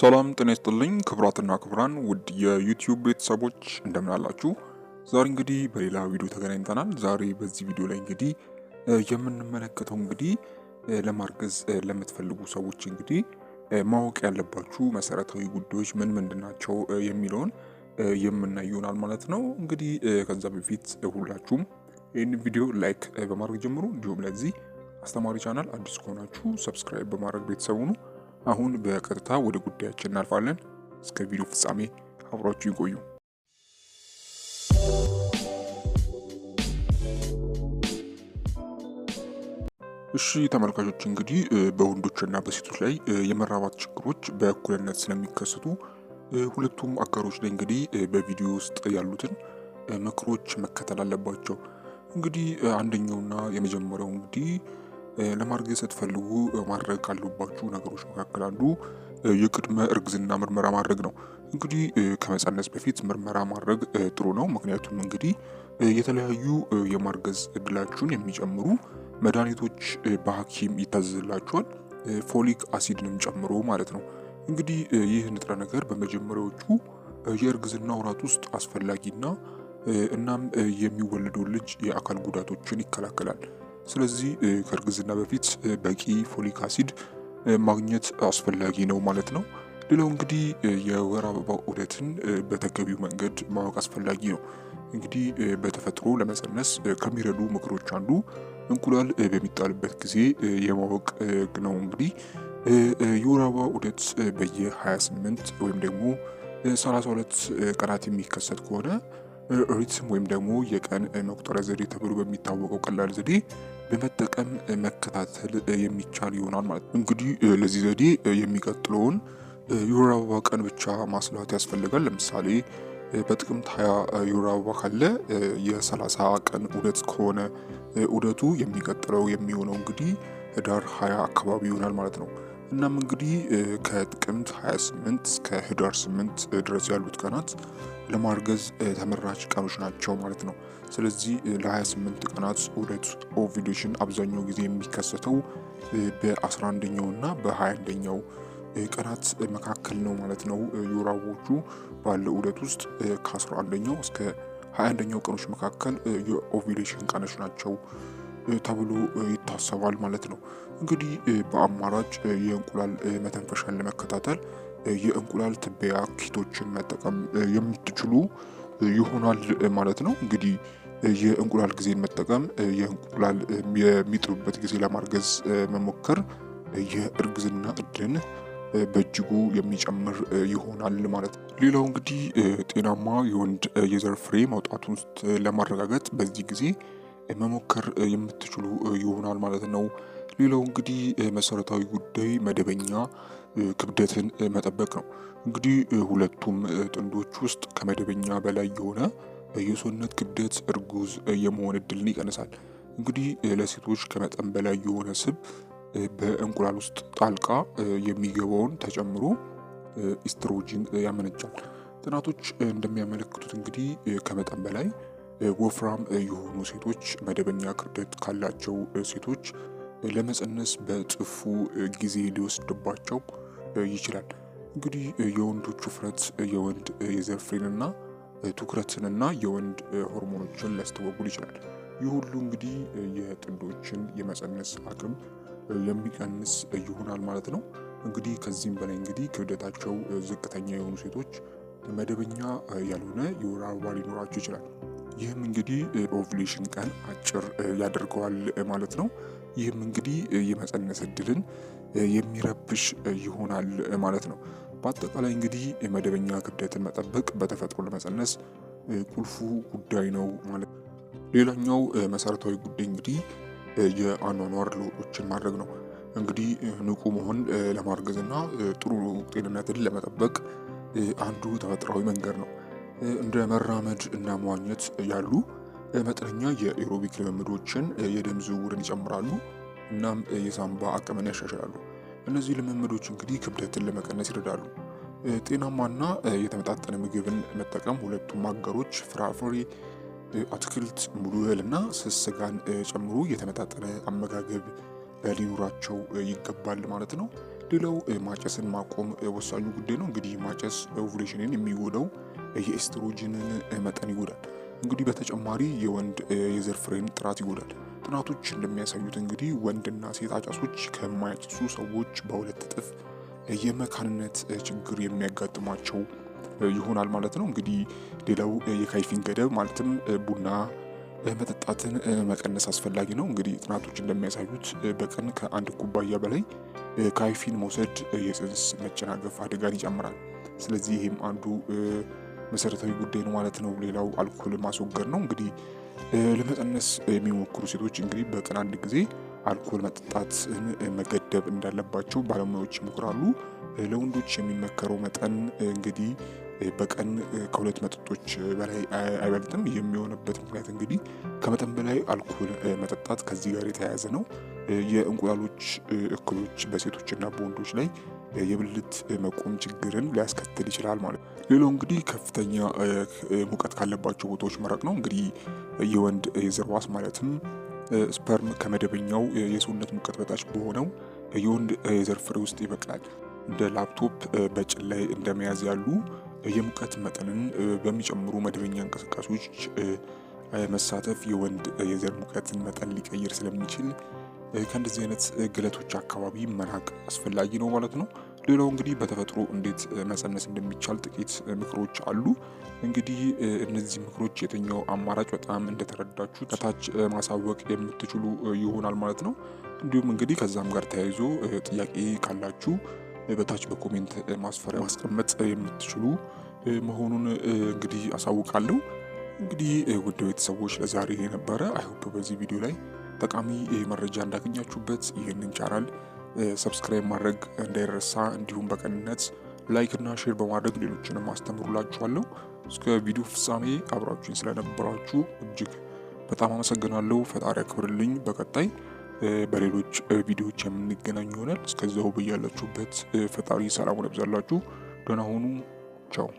ሰላም ጤና ይስጥልኝ ክብራትና ክብራን ውድ የዩቲዩብ ቤተሰቦች እንደምን አላችሁ? ዛሬ እንግዲህ በሌላ ቪዲዮ ተገናኝተናል። ዛሬ በዚህ ቪዲዮ ላይ እንግዲህ የምንመለከተው እንግዲህ ለማርገዝ ለምትፈልጉ ሰዎች እንግዲህ ማወቅ ያለባችሁ መሰረታዊ ጉዳዮች ምን ምንድናቸው ናቸው የሚለውን የምናይ ይሆናል ማለት ነው። እንግዲህ ከዛ በፊት ሁላችሁም ይህን ቪዲዮ ላይክ በማድረግ ጀምሩ። እንዲሁም ለዚህ አስተማሪ ቻናል አዲስ ከሆናችሁ ሰብስክራይብ በማድረግ ቤተሰቡ ነው አሁን በቀጥታ ወደ ጉዳያችን እናልፋለን። እስከ ቪዲዮ ፍጻሜ አብሯችሁ ይቆዩ። እሺ ተመልካቾች እንግዲህ በወንዶችና በሴቶች ላይ የመራባት ችግሮች በእኩልነት ስለሚከሰቱ ሁለቱም አጋሮች ላይ እንግዲህ በቪዲዮ ውስጥ ያሉትን ምክሮች መከተል አለባቸው። እንግዲህ አንደኛውና የመጀመሪያው እንግዲህ ለማርገዝ ስትፈልጉ ማድረግ ካሉባችሁ ነገሮች መካከል አንዱ የቅድመ እርግዝና ምርመራ ማድረግ ነው። እንግዲህ ከመጸነስ በፊት ምርመራ ማድረግ ጥሩ ነው። ምክንያቱም እንግዲህ የተለያዩ የማርገዝ እድላችሁን የሚጨምሩ መድኃኒቶች በሐኪም ይታዘዝላችኋል፣ ፎሊክ አሲድንም ጨምሮ ማለት ነው። እንግዲህ ይህ ንጥረ ነገር በመጀመሪያዎቹ የእርግዝና ወራት ውስጥ አስፈላጊና እናም የሚወለደው ልጅ የአካል ጉዳቶችን ይከላከላል። ስለዚህ ከእርግዝና በፊት በቂ ፎሊክ አሲድ ማግኘት አስፈላጊ ነው ማለት ነው። ሌላው እንግዲህ የወር አበባ ዑደትን በተገቢው መንገድ ማወቅ አስፈላጊ ነው። እንግዲህ በተፈጥሮ ለመፀነስ ከሚረዱ ምክሮች አንዱ እንቁላል በሚጣልበት ጊዜ የማወቅ ነው። እንግዲህ የወር አበባ ዑደት በየ28 ወይም ደግሞ 32 ቀናት የሚከሰት ከሆነ ሪትም ወይም ደግሞ የቀን መቁጠሪያ ዘዴ ተብሎ በሚታወቀው ቀላል ዘዴ በመጠቀም መከታተል የሚቻል ይሆናል ማለት ነው። እንግዲህ ለዚህ ዘዴ የሚቀጥለውን የወር አበባ ቀን ብቻ ማስላት ያስፈልጋል። ለምሳሌ በጥቅምት ሀያ የወር አበባ ካለ የሰላሳ ቀን ዑደት ከሆነ ዑደቱ የሚቀጥለው የሚሆነው እንግዲህ ህዳር ሀያ አካባቢ ይሆናል ማለት ነው። እናም እንግዲህ ከጥቅምት 28 እስከ ህዳር 8 ድረስ ያሉት ቀናት ለማርገዝ ተመራጭ ቀኖች ናቸው ማለት ነው። ስለዚህ ለ28 ቀናት ዑደት ኦቪሌሽን አብዛኛው ጊዜ የሚከሰተው በ11ኛው እና በ21ኛው ቀናት መካከል ነው ማለት ነው። የወር አበቦቹ ባለው ውስጥ ከ11ኛው እስከ 21ኛው ቀኖች መካከል የኦቪሌሽን ቀኖች ናቸው። ተብሎ ይታሰባል ማለት ነው። እንግዲህ በአማራጭ የእንቁላል መተንፈሻን ለመከታተል የእንቁላል ትበያ ኪቶችን መጠቀም የምትችሉ ይሆናል ማለት ነው። እንግዲህ የእንቁላል ጊዜን መጠቀም የእንቁላል የሚጥሉበት ጊዜ ለማርገዝ መሞከር የእርግዝና እድልን በእጅጉ የሚጨምር ይሆናል ማለት ነው። ሌላው እንግዲህ ጤናማ የወንድ የዘር ፍሬ ማውጣቱን ለማረጋገጥ በዚህ ጊዜ መሞከር የምትችሉ ይሆናል ማለት ነው። ሌላው እንግዲህ መሰረታዊ ጉዳይ መደበኛ ክብደትን መጠበቅ ነው። እንግዲህ ሁለቱም ጥንዶች ውስጥ ከመደበኛ በላይ የሆነ የሰውነት ክብደት እርጉዝ የመሆን እድልን ይቀንሳል። እንግዲህ ለሴቶች ከመጠን በላይ የሆነ ስብ በእንቁላል ውስጥ ጣልቃ የሚገባውን ተጨምሮ ኢስትሮጂን ያመነጫል። ጥናቶች እንደሚያመለክቱት እንግዲህ ከመጠን በላይ ወፍራም የሆኑ ሴቶች መደበኛ ክብደት ካላቸው ሴቶች ለመፀነስ በጥፉ ጊዜ ሊወስድባቸው ይችላል። እንግዲህ የወንዶች ውፍረት የወንድ የዘር ፍሬንና ትኩረትንና የወንድ ሆርሞኖችን ሊያስተጓጉል ይችላል። ይህ ሁሉ እንግዲህ የጥንዶችን የመፀነስ አቅም የሚቀንስ ይሆናል ማለት ነው። እንግዲህ ከዚህም በላይ እንግዲህ ክብደታቸው ዝቅተኛ የሆኑ ሴቶች መደበኛ ያልሆነ የወር አበባ ሊኖራቸው ይችላል። ይህም እንግዲህ ኦቭሌሽን ቀን አጭር ያደርገዋል ማለት ነው። ይህም እንግዲህ የመጸነስ እድልን የሚረብሽ ይሆናል ማለት ነው። በአጠቃላይ እንግዲህ መደበኛ ክብደትን መጠበቅ በተፈጥሮ ለመጸነስ ቁልፉ ጉዳይ ነው ማለት ነው። ሌላኛው መሰረታዊ ጉዳይ እንግዲህ የአኗኗር ለውጦችን ማድረግ ነው። እንግዲህ ንቁ መሆን ና ጥሩ ጤንነትን ለመጠበቅ አንዱ ተፈጥሯዊ መንገድ ነው። እንደ መራመድ እና መዋኘት ያሉ መጠነኛ የኤሮቢክ ልምምዶችን የደም ዝውውርን ይጨምራሉ እናም የሳምባ አቅምን ያሻሽላሉ። እነዚህ ልምምዶች እንግዲህ ክብደትን ለመቀነስ ይረዳሉ። ጤናማና የተመጣጠነ ምግብን መጠቀም ሁለቱም አጋሮች ፍራፍሬ፣ አትክልት፣ ሙሉ እህልና ስስ ስጋን ጨምሮ የተመጣጠነ አመጋገብ ሊኖራቸው ይገባል ማለት ነው። ሌላው ማጨስን ማቆም ወሳኙ ጉዳይ ነው። እንግዲህ ማጨስ ኦቭሌሽንን የሚጎዳው የኤስትሮጂንን መጠን ይጎዳል። እንግዲህ በተጨማሪ የወንድ የዘር ፍሬን ጥራት ይጎዳል። ጥናቶች እንደሚያሳዩት እንግዲህ ወንድና ሴት አጫሶች ከማያጭሱ ሰዎች በሁለት እጥፍ የመካንነት ችግር የሚያጋጥሟቸው ይሆናል ማለት ነው። እንግዲህ ሌላው የካይፊን ገደብ ማለትም ቡና መጠጣትን መቀነስ አስፈላጊ ነው። እንግዲህ ጥናቶች እንደሚያሳዩት በቀን ከአንድ ኩባያ በላይ ካይፊን መውሰድ የጽንስ መጨናገፍ አደጋን ይጨምራል። ስለዚህ ይህም አንዱ መሰረታዊ ጉዳይ ነው ማለት ነው። ሌላው አልኮል ማስወገድ ነው። እንግዲህ ለመጠነስ የሚሞክሩ ሴቶች እንግዲህ በቀን አንድ ጊዜ አልኮል መጠጣትን መገደብ እንዳለባቸው ባለሙያዎች ይመክራሉ። ለወንዶች የሚመከረው መጠን እንግዲህ በቀን ከሁለት መጠጦች በላይ አይበልጥም። የሚሆንበት ምክንያት እንግዲህ ከመጠን በላይ አልኮል መጠጣት ከዚህ ጋር የተያያዘ ነው። የእንቁላሎች እክሎች በሴቶችና በወንዶች ላይ የብልት መቆም ችግርን ሊያስከትል ይችላል ማለት ነው። ሌላው እንግዲህ ከፍተኛ ሙቀት ካለባቸው ቦታዎች መራቅ ነው። እንግዲህ የወንድ የዘር ዋስ ማለትም ስፐርም ከመደበኛው የሰውነት ሙቀት በታች በሆነው የወንድ የዘር ፍሬ ውስጥ ይበቅላል። እንደ ላፕቶፕ በጭን ላይ እንደመያዝ ያሉ የሙቀት መጠንን በሚጨምሩ መደበኛ እንቅስቃሴዎች መሳተፍ የወንድ የዘር ሙቀትን መጠን ሊቀይር ስለሚችል ከእንደዚህ አይነት ግለቶች አካባቢ መራቅ አስፈላጊ ነው ማለት ነው። ሌላው እንግዲህ በተፈጥሮ እንዴት መፀነስ እንደሚቻል ጥቂት ምክሮች አሉ። እንግዲህ እነዚህ ምክሮች የትኛው አማራጭ በጣም እንደተረዳችሁ ከታች ማሳወቅ የምትችሉ ይሆናል ማለት ነው። እንዲሁም እንግዲህ ከዛም ጋር ተያይዞ ጥያቄ ካላችሁ በታች በኮሜንት ማስፈሪያ ማስቀመጥ የምትችሉ መሆኑን እንግዲህ አሳውቃለሁ። እንግዲህ ውድ ቤተሰቦች ለዛሬ የነበረ አይሆፕ በዚህ ቪዲዮ ላይ ጠቃሚ መረጃ እንዳገኛችሁበት ይህንን ቻናል ሰብስክራይብ ማድረግ እንዳይረሳ፣ እንዲሁም በቀንነት ላይክ እና ሼር በማድረግ ሌሎችንም አስተምሩላችኋለሁ። እስከ ቪዲዮ ፍጻሜ አብራችሁኝ ስለነበራችሁ እጅግ በጣም አመሰግናለሁ። ፈጣሪ ያክብርልኝ። በቀጣይ በሌሎች ቪዲዮዎች የምንገናኝ ይሆናል። እስከዚያው በያላችሁበት ፈጣሪ ሰላሙን ያብዛላችሁ። ደህና ሁኑ። ቻው